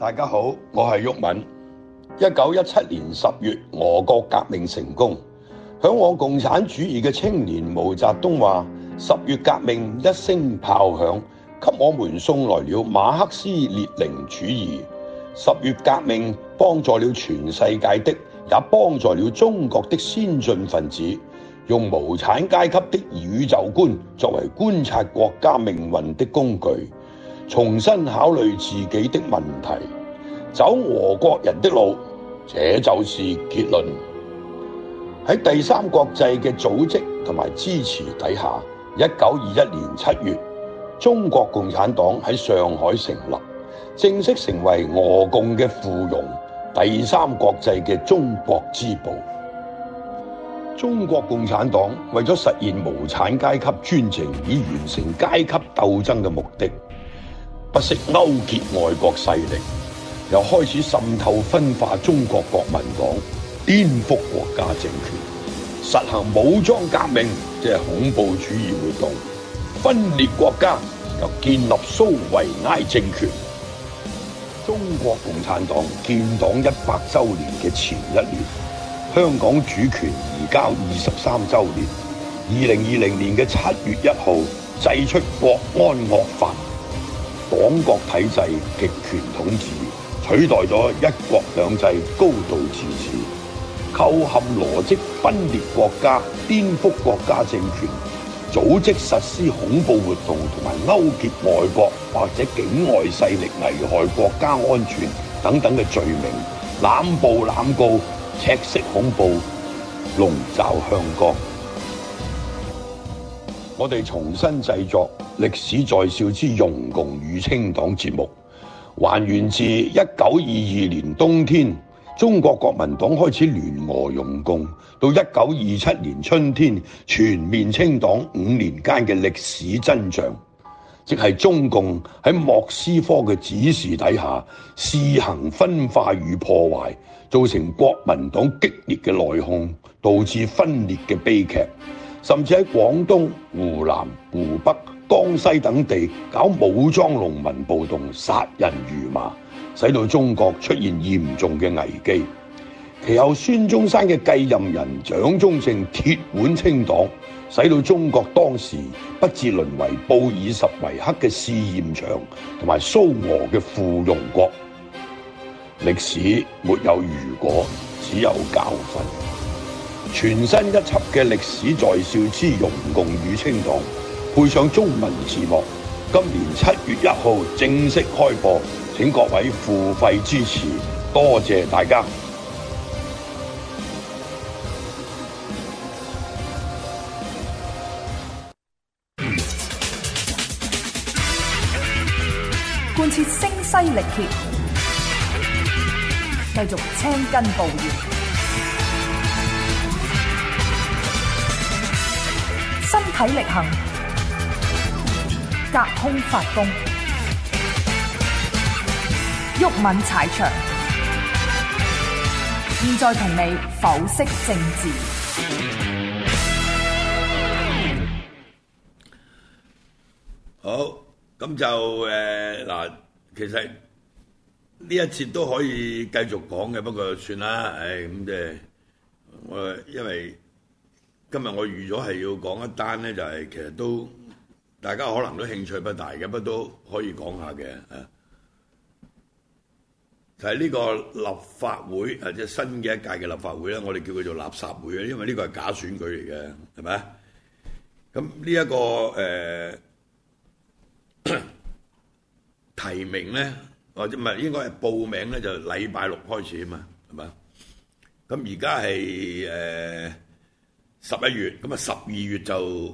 大家好，我係毓民。一九一七年十月，俄國革命成功。嚮往共產主義嘅青年毛澤東話：十月革命一聲炮響，給我們送來了馬克思列寧主義。十月革命幫助了全世界的，也幫助了中國的先進分子，用無產階級的宇宙觀作為觀察國家命運的工具。重新考慮自己的問題，走俄國人的路，這就是結論。喺第三國際嘅組織同埋支持底下，一九二一年七月，中國共產黨喺上海成立，正式成為俄共嘅附庸，第三國際嘅中國支部。中國共產黨為咗實現無產階級專政，以完成階級鬥爭嘅目的。不惜勾結外國勢力，又開始滲透分化中國國民黨，顛覆國家政權，實行武裝革命，即係恐怖主義活動，分裂國家，又建立蘇維埃政權。中國共產黨建黨一百周年嘅前一年，香港主權移交二十三周年，二零二零年嘅七月一號，祭出國安惡法。黨國體制極權統治取代咗一國兩制高度自治，構陷羅織分裂國家、顛覆國家政權、組織實施恐怖活動同埋勾結外國或者境外勢力危害國家安全等等嘅罪名，濫捕濫告、赤色恐怖，籠罩香港。我哋重新製作歷史在笑之容共與清黨節目，還原自一九二二年冬天，中國國民黨開始聯俄容共，到一九二七年春天全面清黨五年間嘅歷史真相，即係中共喺莫斯科嘅指示底下試行分化與破壞，造成國民黨激烈嘅內訌，導致分裂嘅悲劇。甚至喺廣東、湖南、湖北、江西等地搞武裝農民暴動，殺人如麻，使到中國出現嚴重嘅危機。其後孫中山嘅繼任人蔣中正鐵腕清黨，使到中國當時不至淪為布爾什維克嘅試驗場同埋蘇俄嘅附庸國。歷史沒有如果，只有教訓。全新一輯嘅歷史在笑之容共與清黨，配上中文字幕，今年七月一號正式開播，請各位付費支持，多謝大家！貫徹聲嘶力竭，繼續青筋暴現。身體力行，隔空發功，毓民踩場，現在同你剖析政治。好，咁就誒嗱，其實呢一節都可以繼續講嘅，不過算啦，誒咁即係我因為。今日我預咗係要講一單咧，就係其實都大家可能都興趣不大嘅，不都可以講下嘅，誒，就係呢個立法會啊，即係新嘅一屆嘅立法會咧，我哋叫佢做垃圾會啊，因為呢個係假選舉嚟嘅，係咪？咁呢一個誒、呃、 提名咧，或者唔係應該係報名咧，就禮拜六開始啊嘛，係咪？咁而家係誒。十一月咁啊，十二月就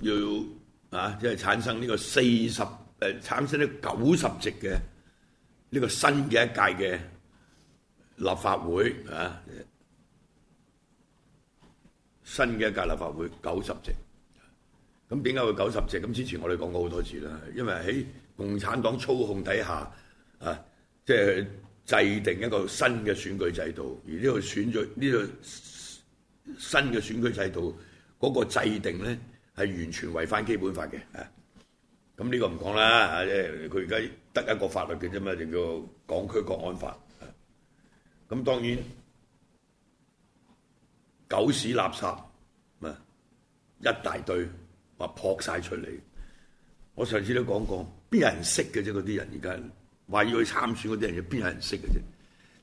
要啊，即係產生呢個四十誒，產生呢九十席嘅呢個新嘅一屆嘅立法會啊，新嘅一屆立法會九十席。咁點解會九十席？咁之前我哋講過好多次啦，因為喺共產黨操控底下啊，即係制定一個新嘅選舉制度，而呢個選舉呢個。新嘅選舉制度嗰、那個制定咧，係完全違反基本法嘅啊！咁、這、呢個唔講啦，即係佢而家得一個法律嘅啫嘛，就叫《港區國安法》啊。咁當然狗屎垃圾啊，一大堆話撲晒出嚟。我上次都講過，邊有人識嘅啫？嗰啲人而家話要去參選嗰啲人，又邊有人識嘅啫？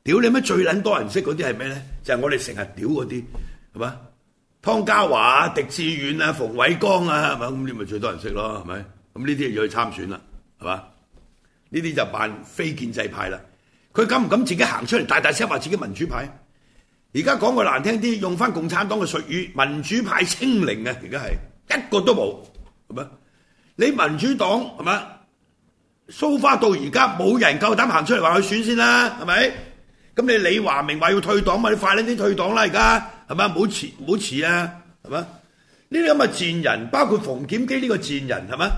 屌你乜最撚多人識嗰啲係咩咧？就係、是、我哋成日屌嗰啲。係嘛？湯家驊、狄志遠啊、馮偉光啊，係嘛？咁你咪最多人識咯，係咪？咁呢啲就要去參選啦，係嘛？呢啲就扮非建制派啦。佢敢唔敢自己行出嚟，大大聲話自己民主派？而家講句難聽啲，用翻共產黨嘅術語，民主派清零啊！而家係一個都冇，係咪？你民主黨係咪？蘇花到而家冇人夠膽行出嚟話佢選先啦，係咪？咁你李華明話要退黨咪，你快啲啲退黨啦，而家！係嘛？冇恥冇恥啊！係嘛？呢啲咁嘅賤人，包括馮檢基呢個賤人，係嘛？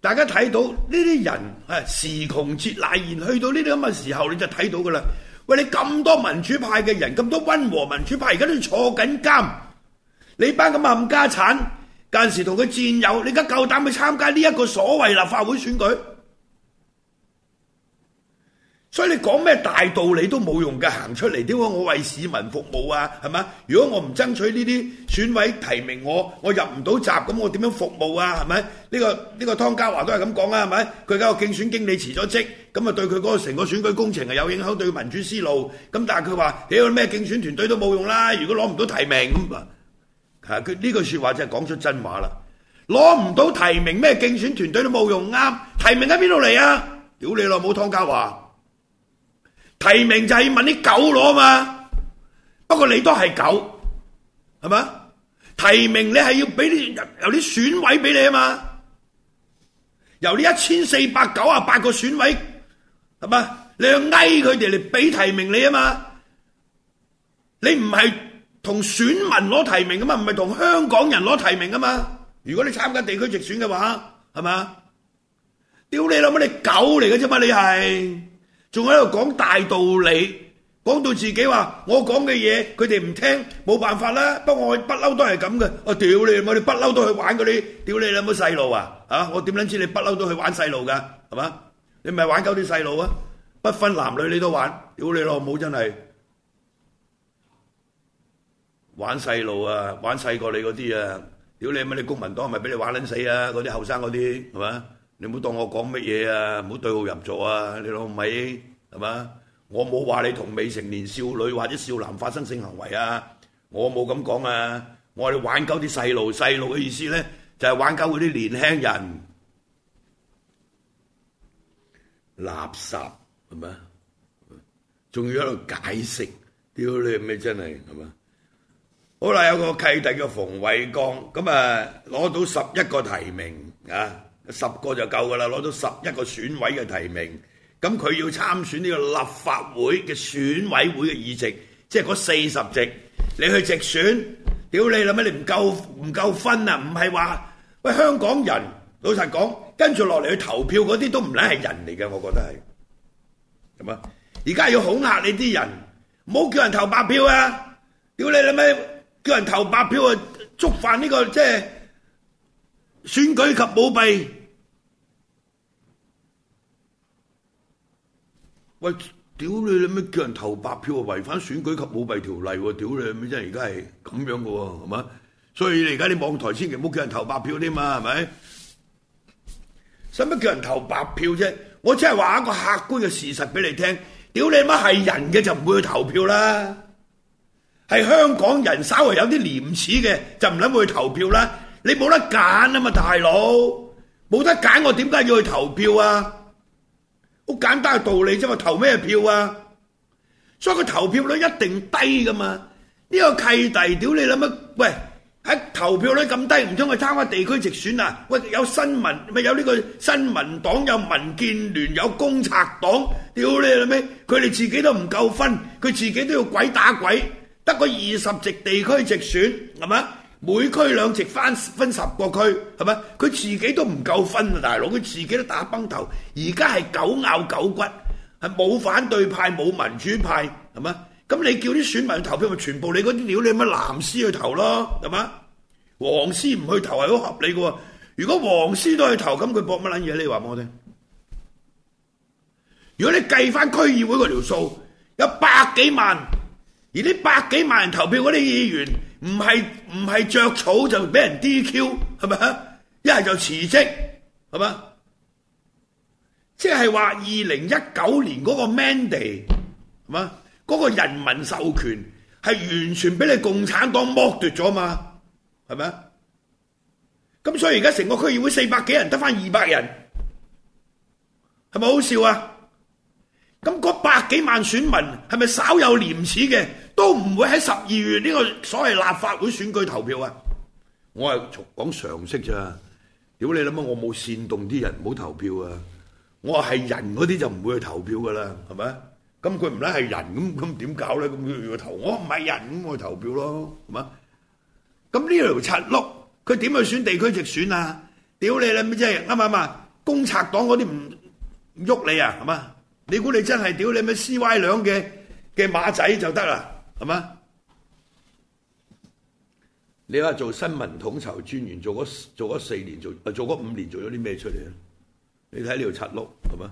大家睇到呢啲人係時窮節乃然，去到呢啲咁嘅時候你就睇到㗎啦。喂，你咁多民主派嘅人，咁多溫和民主派而家都在坐緊監，你班咁嘅冚家產，嗰陣時同佢戰友，你而家夠膽去參加呢一個所謂立法會選舉？所以你講咩大道理都冇用嘅，行出嚟點解我為市民服務啊，係咪？如果我唔爭取呢啲選委提名我，我入我入唔到閘，咁我點樣服務啊？係咪？呢、呢個呢、呢個湯家驊都係咁講啊，係咪？佢而家個競選經理辭咗職，咁啊對佢嗰個成個選舉工程係有影響，對民主思路。咁但係佢話，屌咩競選團隊都冇用啦！如果攞唔到提名咁啊，佢呢句説話真係講出真話啦！攞唔到提名，咩競選團隊都冇用啱、啊？提名喺邊度嚟啊？屌你老母湯家驊！提名就係問啲狗攞啊嘛，不過你都係狗，係嘛？提名你係要俾啲由啲選委俾你啊嘛，由呢一千四百九啊八個選委，係嘛？你要挨佢哋嚟俾提名你啊嘛？你唔係同選民攞提名噶嘛？唔係同香港人攞提名噶嘛？如果你參加地區直選嘅話，係嘛？屌你老母你狗嚟嘅啫嘛？你係。仲喺度講大道理，講到自己話：我講嘅嘢佢哋唔聽，冇辦法啦。不過我不嬲都係咁嘅，我屌你！我哋不嬲都去玩嗰啲，屌你老母細路啊！啊！我點撚知你不嬲都去玩細路㗎？係咪？你唔係玩鳩啲細路啊？不分男女你都玩，屌你老母真係玩細路啊！玩細過你嗰啲啊！屌你乜？你公民黨係咪俾你玩撚死啊？嗰啲後生嗰啲係咪？你唔好當我講乜嘢啊！唔好對號入座啊！你老味係嘛？我冇話你同未成年少女或者少男發生性行為啊！我冇咁講啊！我係玩鳩啲細路，細路嘅意思咧就係玩鳩嗰啲年輕人，垃圾係嘛？仲要喺度解釋，屌你咩真係，係嘛？好啦，有個契弟叫馮煒光，咁啊攞到十一個提名啊！十個就夠噶啦，攞到十一個選委嘅提名，咁佢要參選呢個立法會嘅選委會嘅議席，即係嗰四十席，你去直選，屌你諗咩？你唔夠唔夠分啊！唔係話喂香港人老實講，跟住落嚟去投票嗰啲都唔卵係人嚟嘅，我覺得係，係嘛？而家要恐嚇你啲人，唔好叫人投白票啊！屌你諗咩？叫人投白票啊，觸犯呢個，即係選舉及舞弊。喂，屌你！你咩叫人投白票啊？違反選舉及舞弊條例喎！屌你！你真係而家係咁樣嘅喎，係嘛？所以你而家你網台千祈唔好叫人投白票添嘛，係咪？使乜叫人投白票啫？我只係話一個客觀嘅事實俾你聽。屌你媽，係人嘅就唔會去投票啦。係香港人稍微有啲廉恥嘅就唔諗會去投票啦。你冇得揀啊嘛，大佬，冇得揀，我點解要去投票啊？好簡單嘅道理啫嘛，投咩票啊？所以佢投票率一定低噶嘛。呢個契弟屌你諗乜？喂，喺投票率咁低，唔通佢參加地區直選啊？喂，有新民咪有呢個新民黨，有民建聯，有公賊黨，屌你諗咩？佢哋自己都唔夠分，佢自己都要鬼打鬼，得個二十席地區直選係咪？每區兩席，分分十個區，係咪？佢自己都唔夠分啊！大佬，佢自己都打崩頭，而家係狗咬狗骨，係冇反對派，冇民主派，係咪？咁你叫啲選民投票咪全部你嗰啲料，你有乜藍絲去投咯，係嘛？黃絲唔去投係好合理嘅喎。如果黃絲都去投，咁佢搏乜撚嘢？你話畀我聽。如果你計翻區議會個條數，有百幾萬，而呢百幾萬人投票嗰啲議員。唔係唔係着草就畀人 DQ 係咪啊？一係就辭職係嘛？即係話二零一九年嗰個 mandate 係嘛？嗰、那個人民授權係完全俾你共產黨剝奪咗嘛？係咪啊？咁所以而家成個區議會四百幾人得返二百人，係咪好笑啊？咁嗰百幾萬選民係咪稍有廉恥嘅？都唔會喺十二月呢個所謂立法會選舉投票啊！我係講常識咋？屌你諗乜？我冇煽動啲人唔好投票啊！我話係人嗰啲就唔會去投票噶啦，係咪？咁佢唔啦係人咁咁點搞咧？咁佢要投我唔係人，我去投票咯，係嘛？咁呢條拆轆佢點去選地區直選啊？屌你啦咩啫？啱唔啱？公察黨嗰啲唔喐你啊，係嘛？你估你真係屌你咪 C Y 兩嘅嘅馬仔就得啦？係嘛？你話做新聞統籌專員做咗做咗四年做誒做咗五年做咗啲咩出嚟？啊？你睇呢條七碌，係嘛？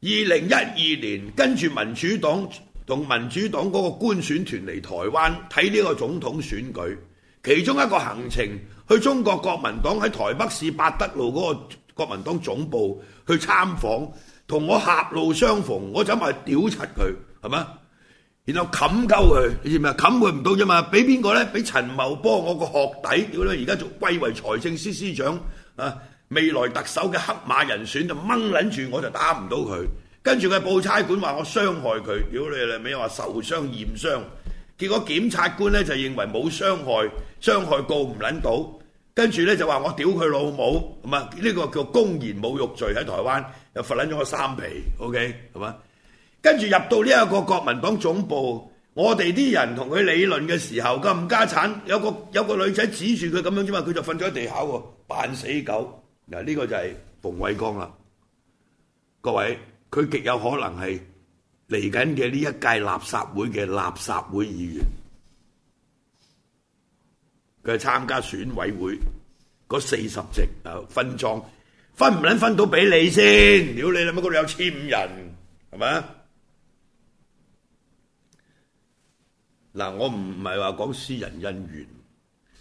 二零一二年跟住民主黨同民主黨嗰個官選團嚟台灣睇呢個總統選舉，其中一個行程去中國國民黨喺台北市八德路嗰個國民黨總部去參訪，同我狹路相逢，我走埋去屌柒佢，係嘛？然後冚鳩佢，你知咩啊？冚佢唔到啫嘛！俾邊個咧？俾陳茂波，我個學弟，屌你！而家仲貴為財政司司長啊，未來特首嘅黑馬人選就掹捻住我就打唔到佢。跟住佢報差館話我傷害佢，屌你，你咪話受傷驗傷。結果檢察官咧就認為冇傷害，傷害告唔捻到。跟住咧就話我屌佢老母，唔係呢個叫公然侮辱罪喺台灣又罰捻咗我三皮，OK 係嘛？跟住入到呢一個國民黨總部，我哋啲人同佢理論嘅時候，咁家產有個有個女仔指住佢咁樣啫嘛，佢就瞓咗喺地下喎，扮死狗。嗱，呢個就係馮偉光啦，各位，佢極有可能係嚟緊嘅呢一屆垃圾會嘅垃圾會議員，佢係參加選委會嗰四十席啊，分贓，分唔撚分到俾你先，屌你老母嗰度有千五人，係咪啊？嗱，我唔唔係話講私人恩怨，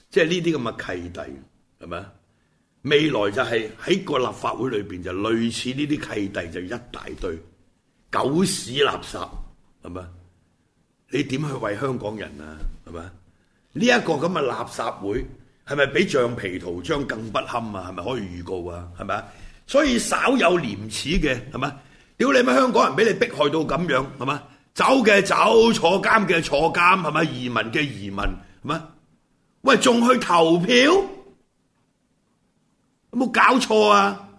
即係呢啲咁嘅契弟，係咪啊？未來就係喺個立法會裏邊就類似呢啲契弟就一大堆狗屎垃圾，係咪？你點去為香港人啊？係咪啊？呢一個咁嘅垃圾會係咪比橡皮圖章更不堪啊？係咪可以預告啊？係咪啊？所以稍有廉恥嘅，係咪？屌你咪香港人俾你迫害到咁樣，係咪？走嘅走，坐監嘅坐監，係咪？移民嘅移民，係咪？喂，仲去投票？有冇搞錯啊？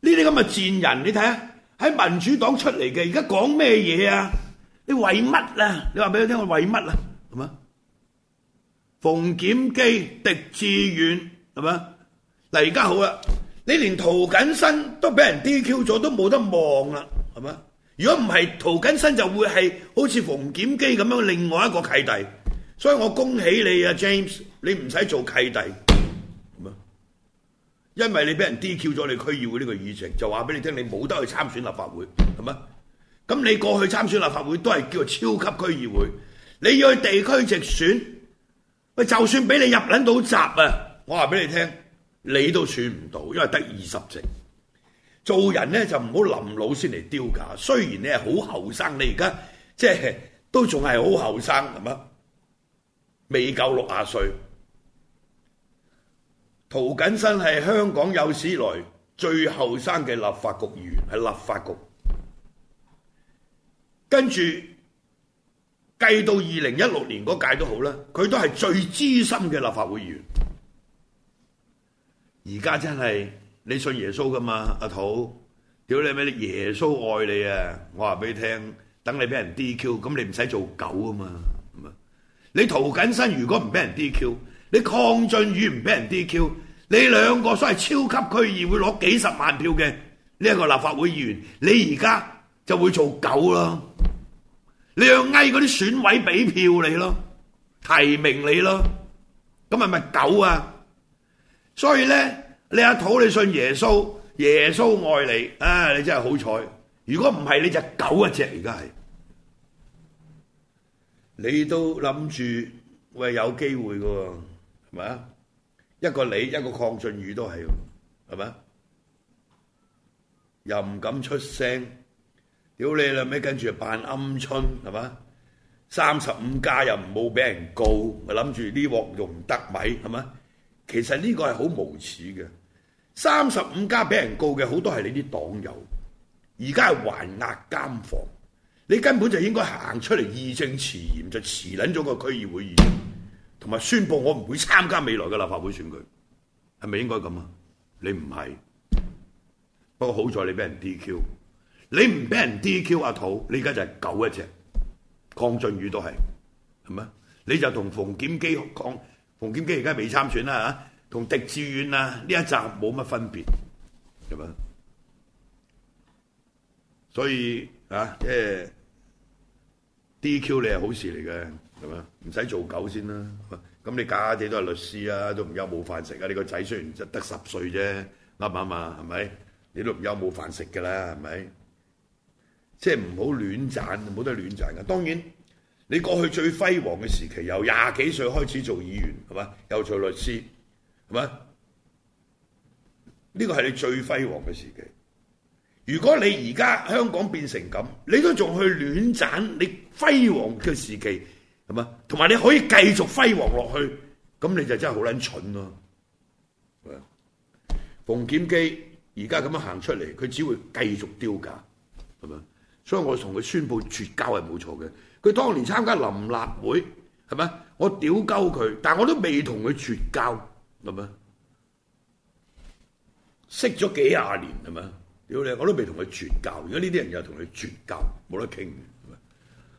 呢啲咁嘅賤人，你睇下喺民主黨出嚟嘅，而家講咩嘢啊？你為乜啊？你話俾我聽，我為乜啊？係咪？馮檢基、狄志遠，係咪？嗱，而家好啦，你連涂謹申都俾人 DQ 咗，都冇得望啦，係咪？如果唔係陶根生，就會係好似馮檢基咁樣另外一個契弟，所以我恭喜你啊，James，你唔使做契弟，因為你俾人 DQ 咗，你區議會呢個議席，就話俾你聽，你冇得去參選立法會，係嘛？咁你過去參選立法會都係叫做超級區議會，你要去地區直選，喂，就算俾你入捻到閘啊，我話俾你聽，你都選唔到，因為得二十席。做人呢就唔好臨老先嚟丟架。雖然你係好後生，你而家即係都仲係好後生咁啊，未夠六廿歲。涂謹申係香港有史來最後生嘅立法局議員，係立法局。跟住計到二零一六年嗰屆都好啦，佢都係最資深嘅立法會議員。而家真係～你信耶穌噶嘛，阿土？屌你咩？你耶穌愛你啊！我話俾你聽，等你俾人 DQ，咁你唔使做狗啊嘛。你涂謹申，如果唔俾人 DQ，你鄺俊宇唔俾人 DQ，你兩個所謂超級區議會攞幾十萬票嘅呢一個立法會議員，你而家就會做狗咯。你又嗌嗰啲選委俾票你咯，提名你咯，咁係咪狗啊？所以咧。你阿土，你信耶穌，耶穌愛你，啊！你真係好彩。如果唔係，你隻狗一隻，而家係你都諗住喂有機會㗎喎，係咪啊？一個你，一個鄺俊宇都係，係咪啊？又唔敢出聲，屌你啦！尾跟住扮鵪鶉，係咪啊？三十五家又冇俾人告，我諗住呢鑊用得米，係咪啊？其實呢個係好無恥嘅。三十五家俾人告嘅好多係你啲黨友，而家係還押監房，你根本就應該行出嚟義正辭嚴，就辭撚咗個區議會議，同埋宣佈我唔會參加未來嘅立法會選舉，係咪應該咁啊？你唔係，不過好在你俾人 DQ，你唔俾人 DQ 阿土，你而家就係狗一隻，鄺俊宇都係，係咩？你就同馮檢基講，馮檢基而家未參選啦嚇。啊同狄志遠啊呢一集冇乜分別，係咪？所以啊，即係，DQ 你係好事嚟嘅，係咪？唔使做狗先啦，咁你家姐都係律師啊，都唔休冇飯食啊！你個仔雖然得十歲啫，啱唔啱啊？係咪？你都唔休冇飯食噶啦，係咪？即係唔好亂賺，冇得亂賺嘅。當然，你過去最輝煌嘅時期，由廿幾歲開始做議員，係咪？又做律師。係咪？呢個係你最輝煌嘅時期。如果你而家香港變成咁，你都仲去亂斬你輝煌嘅時期，係咪？同埋你可以繼續輝煌落去，咁你就真係好撚蠢咯、啊。馮檢基而家咁樣行出嚟，佢只會繼續丟架，係咪？所以我同佢宣布絕交係冇錯嘅。佢當年參加臨立會，係咪？我屌鳩佢，但係我都未同佢絕交。咁啊，認識咗幾廿年我都未同佢絕交。而家呢啲人又同佢絕交，冇得傾。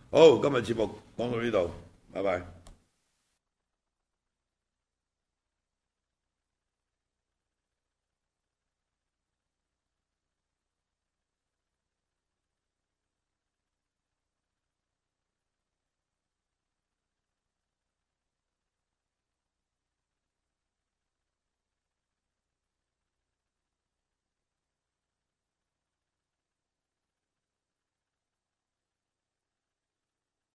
好，今日節目講到呢度，拜拜。